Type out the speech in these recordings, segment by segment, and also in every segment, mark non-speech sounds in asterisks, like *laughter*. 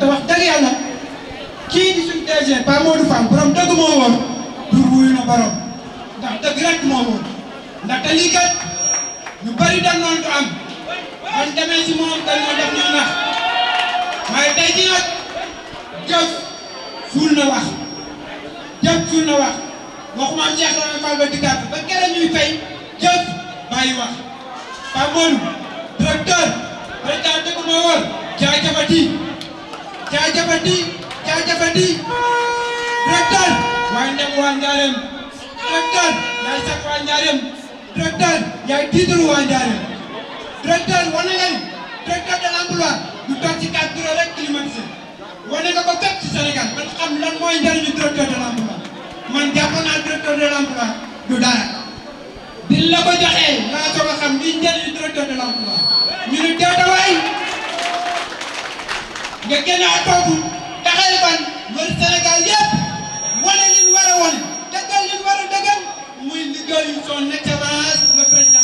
te wax dëgg yàlla kii di suñ DG Pa Modou Fall moo woon jur wuyu na borom ndax dëgg rek moo woon ndaxte lii kat ñu bari noonu du am man demee si moom dañ noonu nax waaye tey jii nag jëf suul na wax jëf suul na wax waxuma am Cheikh Rahane Fall ba dikkaat ba keneen ñuy fay jëf bàyyi wax Pa Modou directeur président dëgg moo woon jaajëfati jaajëfati jaajëfati directeur maa ngi dem waa Ndiarème directeur yaay sàkk waa Ndiarème yaay tiitaru waa Ndiarème wane ngeen directeur de du toog ci kàddu bureau rek climatisé wane xam lan mooy njëriñu directeur de l'emploi man jàpp la ko joxee laa soog a xam li njëriñu directeur de l'emploi ñu ne teew nga génn ak kooku taxal ban wër Sénégal yëpp wane li ñu war a wane dëggal li ñu war a dëggal muy liggéeyu son excellence le président.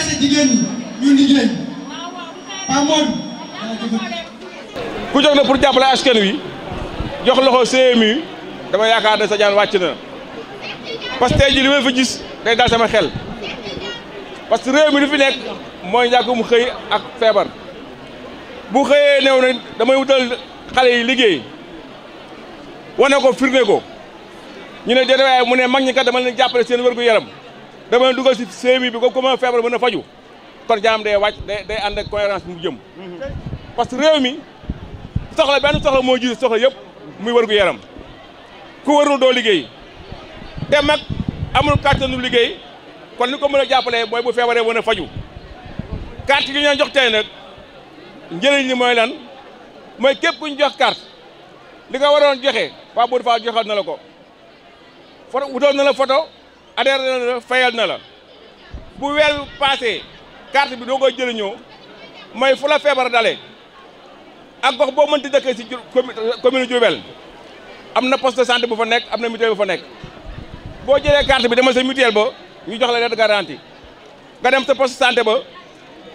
engagé jigéen ku jóg na pour jàppale asken wi jox loxo CMU dama yaakaar ne sa jaan wàcc na parce que tey jii li may fa gis day daal sama xel parce que réew mi li fi nekk mooy ñàkkum xëy ak feebar bu xëyee néew na damay wutal xale yi liggéey wane ko firnde ko ñu ne déedéet waaye mu ne mag ñi kat dama leen jàppale seen wérgu yaram dama dugal si seemi bi comme comment feebar mën a faju kon jaam day wàcc day day ànd ak mu jëm parce que réew mi soxla benn soxla moo jiitu soxo yëpp muy wër gu yaram ku warul doo liggéey te mag amul kàttanu liggéey kon ni ko mën a jàppalee mooy bu feebaree mën a faju carte yi ñu jox tey nag njëriñ li mooy lan mooy képp ku ñu jox carte li nga waroon joxe Pape Bourou Fall joxal na la ko foto adhéré na la fayal na la bu weer passé carte bi doo koy jëriñoo mooy fu la feebar dale ak gox boo mënti dëkkee si commune Diourbel am na poste de santé bu fa nekk am na mutuelle bu fa nekk boo jëlee carte bi dama sa mutuelle ba ñu jox la lettre garantie nga dem sa post de santé ba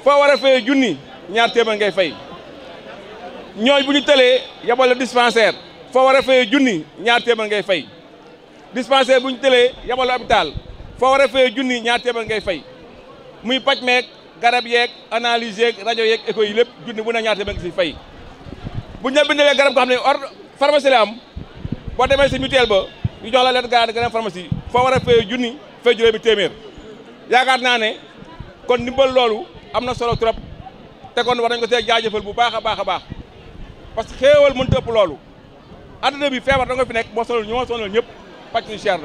foo war a fayee junni ñaar téeméer ngay fay ñooy bu ñu tëlee yabal la dispensaire foo war a fayee junni ñaar téeméer ngay fay dispensaire bu ñu tëlee yabal hôpital foo war a fay junni ñaar téeméer ngay fay muy paj meeg garab yeeg analyse rajo yeeg écho yi lépp junni bu na ñaat téeméer ngi si fay bu ñu la bindalee garab nga xam ne or am boo demee si mutuelle ba ñu jox la lettre garab garab pharmacie foo war a fay junni fay juróomi téeméer yaakaar naa ne kon ndimbal loolu am na solo trop te kon war nañ ko see jaajëfal bu baax a baax a baax parce que xéewal mënut ëpp loolu àdduna bi feebar da nga fi nekk moo sonal ñoo sonal ñëpp pàcc mi cher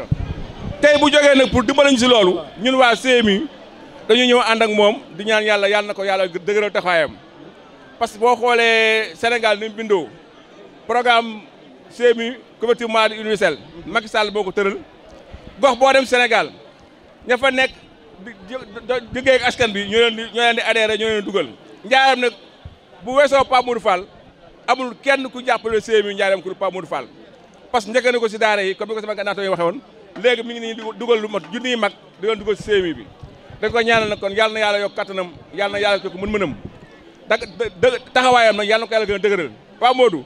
tey bu jógee nag pour dimbalañ si loolu ñun waa CMU dañu ñëw ànd ak moom di ñaan yàlla yàlla na ko yàlla dëgëral taxawaayam parce que boo xoolee Sénégal ni mu bindoo programme CMU couverture maladie universelle Macky Sall boo ko tëral gox boo dem Sénégal ña fa nekk di liggéey ak askan bi ñoo leen di ñoo leen di adhéré ñoo leen bu weesoo Pape Modou Fall amul kenn ku jàppale CMU njaaram ku Pape Modou Fall parce que njëkkee na ko si daara yi comme ni ko sama gànnaaw yi waxee woon léegi mi ngi dugal lu mat junniy mag di leen dugal séemi bi dañ koy nag kon yàlla na yàlla yokk kattanam yàlla na yàlla yokk mën-mënam dak taxawaayam nag yàlla na ko yàlla gën a dëgëral Pape Modou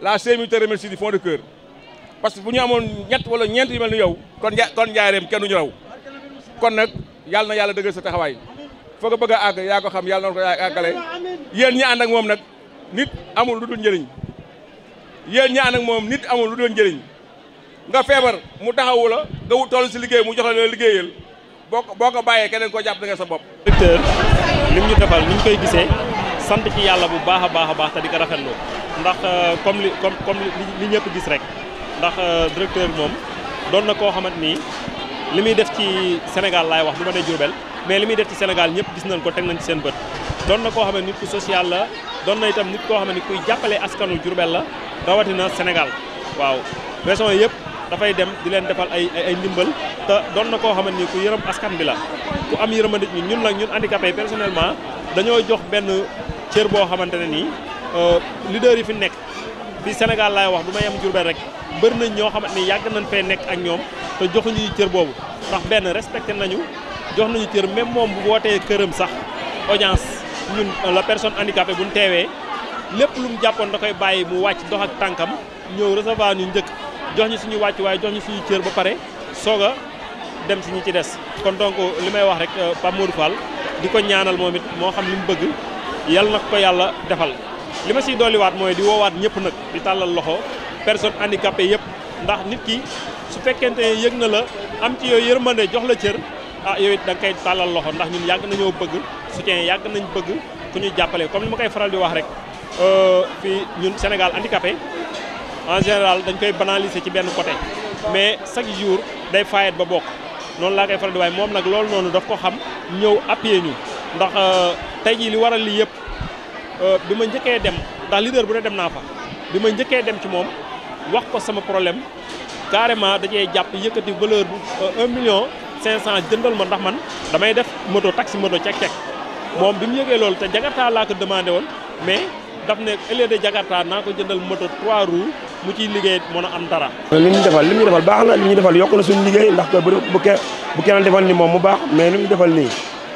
la séemi te remercie du fond de parce que bu ñu amoon ñett wala ñeent yu mel ni yow kon kon njaareem kenn duñu raw kon nag yàlla na yàlla dëgëral sa taxawaay foo ko bëgg a àgg yaa ko xam yàlla na ko àggale yéen ñi ak moom nag nit amul lu dul njëriñ yéen ñaan ak moom nit amul lu doon njëriñ nga feebar mu taxawu la nga toll si liggéey mu jox la liggéeyal boo ko boo ko bàyyee keneen koo jàpp da sa bopp. directeur li ñu defal ni koy gisee sant ci yàlla bu baax a baax a baax te di ko rafetlu ndax euh, comme li comme comme li ñëpp gis rek ndax euh, directeur moom doon na koo xamante ni li muy def ci Sénégal laay wax du ma ne Diourbel mais li muy def ci Sénégal ñëpp gis nañ ko teg nañ ci seen bët doon na koo xam ne nit ku social doon na itam nit koo xam ne kuy jàppale askanu Diourbel la. rawatina Sénégal waaw régions yëpp dafay dem di leen defal ay ay ndimbal te doon na koo xamante ni ku yërëm askan bi la ku am yërëmande ñun ñun nag ñun handicapé yi personnellement dañoo jox benn cër boo xamante ne nii euh, leader yi fi nekk fii Sénégal laay wax du ma yem Diourbel rek bëri nañ ñoo xamante ni yàgg nañ fee nekk ak ñoom te joxuñu cër boobu ndax benn respecté nañu jox nañu cër même moom bu wootee këram sax audience ñun la personne handicapée bu ñu teewee lépp lu mu jàppoon da koy bàyyi mu wàcc dox ak tànkam ñëw recevoir ñu njëkk jox ñu suñu wàcc waaye jox ñu suñu cër ba pare soog a dem si ñi ci des kon donc li may wax rek euh, Pape Modou di ko ñaanal moom it moo xam li mu bëgg yal na ko yàlla defal li ma siy dolliwaat mooy di woowaat ñëpp nag di tàllal loxo àndi handicapée yëpp ndax nit ki su fekkente ne yëg na la am ci yooyu yërmande jox la cër ah yow it nga koy tàllal loxo ndax ñun yàgg nañoo bëgg soutien yàgg nañ bëgg ku ñu jàppale comme li koy faral di wax rek Euh, fii ñun Sénégal handicapé en général dañ koy banaliser ci benn côté mais chaque jour day fayet ba bokk noonu laa koy faral waaye moom nag loolu noonu daf ko xam ñëw appuyer ñu ndax euh, tey jii li waral lii yëpp euh, bi ma njëkkee dem ndax leader bu ne dem naa fa bi ma njëkkee dem ci moom wax ko sama problème carrément da cee jàpp yëkkati valeur bu 1 million 500 jëndal ma ndax man damay def moto taxi moto cek cek moom bi mu yëgee loolu te jagartaa laa ko demandé woon mais daf ne ëllëg de naa ko jëndal moto trois roues mu ciy liggéey mën a am dara. li ñu defal li ñu defal baax na li ñu defal yokk na suñu liggéey ndax bu bu bu defal ni moom mu baax mais li ñu defal ni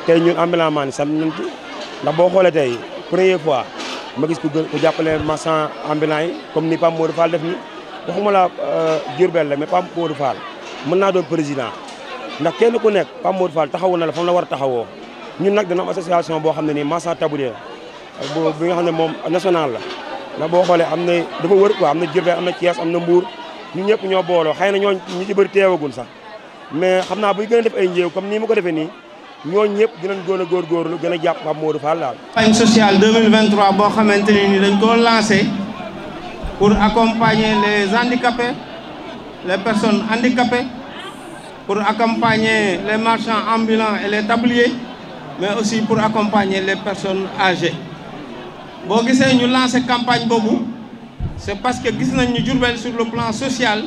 tey ñun ambulant maa ni sam ñun ndax boo xoolee tey première fois ma gis ku gën ku jàppale marchand ambulant yi comme ni Pape Modou Fall def ni waxuma la euh, Diourbel la mais Pape Modou mën naa doon président ndax kenn ku nekk Pape Modou Fall taxawu na la fa la war a taxawoo ñun nag dana am boo xam ne nii marchand tablier ak boobu bi nga xam ne moom national la ndax boo xoolee am na dafa wër quoi am na Diourbel am na Thiès am na Mbour ñu ñëpp ñoo booloo xëy na ñooñ ñi ci bëri teewagul sax mais xam naa bu gën def ay njéew comme nii ma ko defee nii ñooñ ñëpp dinañ gën a góorgóorlu gën a jàpp Pape Modou Fall daal. campagne sociale 2023 boo xamante ne ni dañ koo lancé pour accompagner les handicapés les personnes handicapées pour accompagner les marchands ambulants et les tabliers mais aussi pour accompagner les personnes âgées. boo gisee ñu lancé campagne boobu c'est parce que gis nañ ñu Diourbel sur le plan social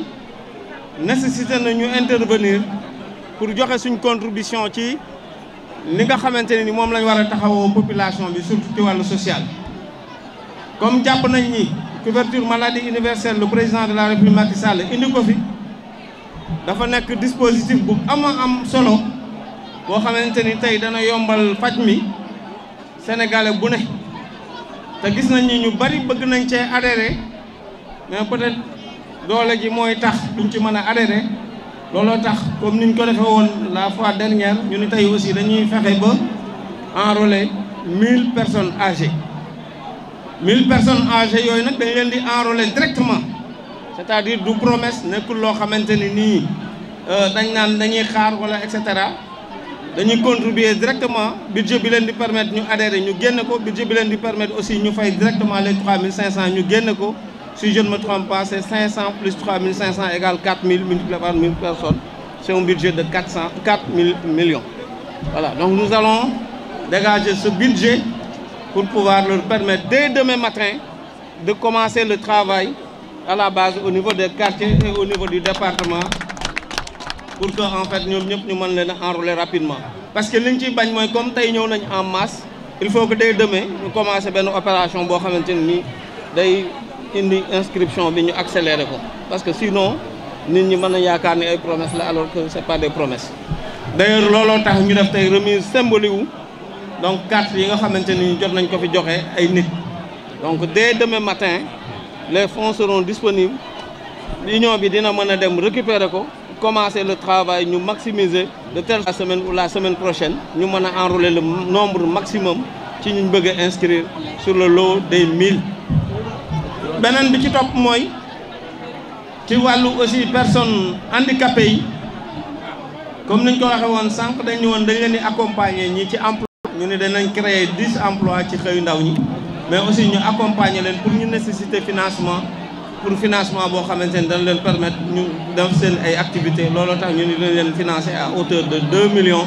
nécessité na ñu intervenir pour joxe suñ contribution ci li nga xamante ne ni moom lañu war a taxawoo population bi surtout ci wàllu social. comme jàpp nañ ni couverture maladie universelle le président de la république Macky Sall indi ko fi dafa nekk dispositif bu ama am solo boo xamante ni tey dana yombal faj mi sénégalais bu ne. te gis nañ ñu bari bëgg nañ cee adhéré mais peut-être doole ji mooy tax duñ ci mën a adhéré looloo tax comme niñ ko defee woon la fois dernière ñu ni tey aussi dañuy fexe ba enrôler mille personnes âgées mille personnes âgées yooyu nag dañ leen di enrôler directement c'est-à-dire du promesse nekkul loo xamante ni nii euh, dañ naan dañuy xaar wala et cetera dañuy contribuer directement budget bi leen di permettre ñu adhérer ñu génn ko budget bi leen di permettre aussi ñu fay directement les 3500 ñu génn ko si je ne me trompe pas c' est 500 plus 3500 égale 4000 multiplié par 1000 personnes c' est un budget de 400 4000 millions. voilà donc nous allons dégager ce budget pour pouvoir leur permettre dès demain matin de commencer le travail à la base au niveau des quartiers et au niveau du département. pour que en fait ñoom ñëpp ñu mën leen a enrôler rapidement. parce que li ñu ciy bañ mooy comme tey ñëw nañ en masse il faut que dès demain ñu commencer benn opération boo xamante ne nii day indi inscription bi ñu accélérer ko parce que sinon nit ñi mën a yaakaar ni ay promesses la alors que c'est pas des promesses. d'ailleurs looloo tax ñu def tey remise symbolique wu donc carte yi nga xamante ni jot nañ ko fi joxe ay nit donc dès demain matin les fonds seront disponibles l'union bi dina mën a dem récupérer ko. commencer le travail ñu maximiser de telle la semaine ou la semaine prochaine ñu mën a enrôler le nombre maximum ci ñu bëggee a inscrire sur le lot des mille beneen bi ci topp mooy ci wàllu aussi personnes handicapées yi comme ni ñu ko waxee woon sànq dañu woon dañ leen di accompagner ñi ci emploi ñu ne danañ créer dix emplois ci xëyu ndaw ñi mais aussi ñu accompagner leen pour ñu nécessiter financement pour financement boo xamante ni dana leen permettre ñu def seen ay activités looloo tax ñu ni dañ leen financer à hauteur de 2 millions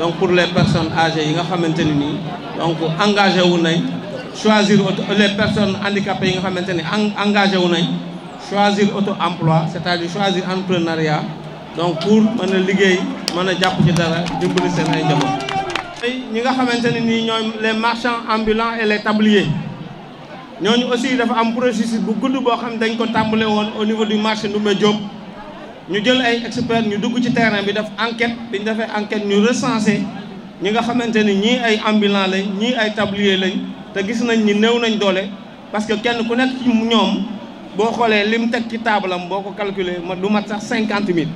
donc pour les personnes âgées yi nga xamante ni nii donc engagé wu nañ choisir auto les personnes handicapées yi nga xamante ni engagé wu nañ choisir auto emploi c'est-à-dire choisir entrepreneuriat donc pour mën a liggéey mën a jàpp ci dara dimbali seen ay njaboot ñi nga xamante ni nii ñooy les marchands ambulants et les tabliers ñooñu aussi dafa am processus bu gudd boo xam dañ ko tàmbale woon au niveau du marché Ndoumbé Diop ñu jël ay experts ñu dugg ci terrain bi def enquête bi ñu defee enquête ñu recensé ñi nga xamante ni ñii ay ambulants lañ ñii ay tablier lañ te gis nañ ni néew nañ doole parce que kenn ku nekk ci ñoom boo xoolee lim teg ci taabalam boo ko calculer ma du mat sax cinquante mille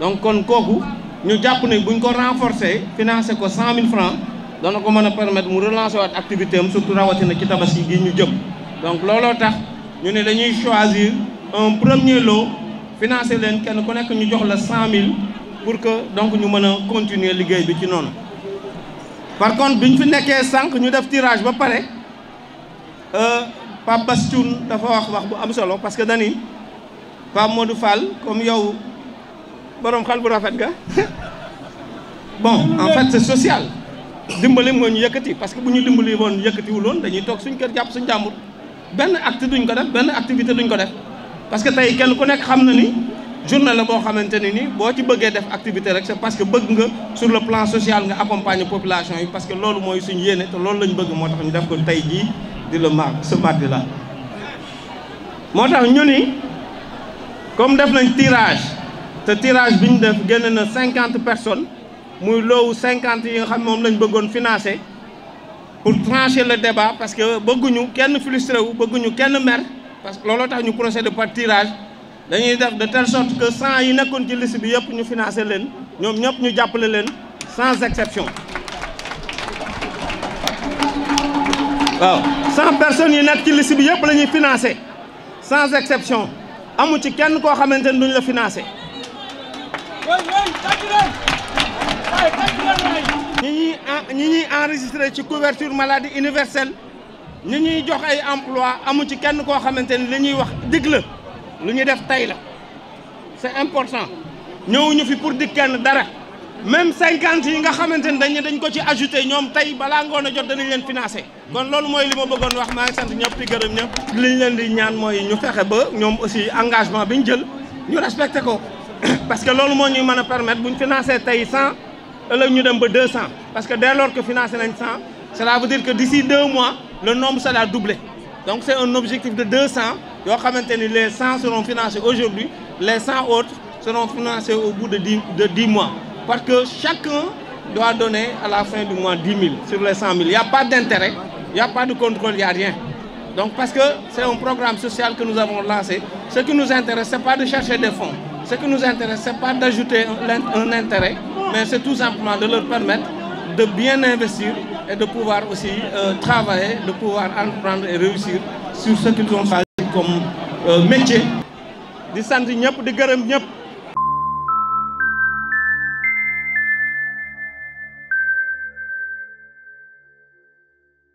donc kon kooku ñu jàpp ne buñ ko renforcer financé ko cent mille francs dana ko mën a permettre mu relancer waat activité am surtout rawatina ci tabaski gi ñu jëm donc looloo tax ñu ne dañuy choisir un premier lot financer leen kenn ku nekk ñu jox la cent mille pour que donc ñu mën a continuer liggéey bi ci noonu par contre biñ fi nekkee sànq ñu def tirage ba pare euh, Pape Bastoun dafa wax wax bu am solo parce que dani Pape Modou Fall comme yow borom xel bu rafet ga *laughs* bon en fait c'est social dimbali moo ñu yëkkati parce que bu ñu dimbali woon yëkkatiwul woon dañuy toog suñ kër jàpp suñ jàmbur benn ko def activité duñ ko def parce que tey kenn ku nekk xam na ni journée la boo xamante ne nii boo ci bëggee def activité rek c'est parce que bëgg nga sur le plan social nga accompagner population yi parce que loolu mooy suñ yéene te loolu lañ bëgg moo tax ñu def ko tey jii di le mardi ce mardi là moo tax ñu ni comme def nañ tirage te tirage bi ñu def génn na cinquante personnes muy loowu cinquante yi nga xam moom lañ bëggoon financé pour trancher le débat parce que bëgguñu kenn frustré wu bëgguñu kenn mer parce que looloo tax ñu procédé par tirage dañuy def de telle sorte que cent yi nekkoon ci liste bi ñu financé leen ñoom ñëpp ñu jàppale leen sans exception waaw cent personnes yi nekk ci liste bi yëpp la ñuy financé cent exception amu ci kenn koo xamante ne duñ la financé ñu ñuy ñi ñuy enregistré ci couverture maladie universelle ñu ñuy jox ay emplois amu ci kenn koo xamante ni li ñuy wax dëgg la lu ñuy def tey la c'est important ñëwuñu fi pour dig kenn dara même cinquante yi nga xamante ni dañ dañ ko ci ajouté ñoom tey balaa ngoon a jot danañ leen financé kon loolu mooy li ma bëggoon wax maa ngi ñëpp di gërëm ñëpp li ñu leen di ñaan mooy ñu fexe ba ñoom aussi engagement bi ñu jël ñu respecté ko *coughs* parce que loolu moo ñuy mën a permettre buñ financé tey cent ëllëg ñu dem ba 200 parce que dès lors que financé nañ 100 cela veut dire que d'ici deux mois le nombre sera doublé donc c'est un objectif de 200 yoo xamante ni les 100 seront financés aujourd'hui les 100 autres seront financés au bout de 10 mois parce que chacun doit donner à la fin du mois 10 000 sur les 100 000 il a pas d'intérêt il a pas de contrôle il a rien donc parce que c'est un programme social que nous avons lancé ce qui nous intéresse c'est pas de chercher des mais c'est tout simplement de leur permettre de bien investir et de pouvoir aussi euh, travailler, de pouvoir entreprendre et réussir sur ce qu'ils ont choisi comme euh, métier. di sant ñëpp di gërëm ñëpp.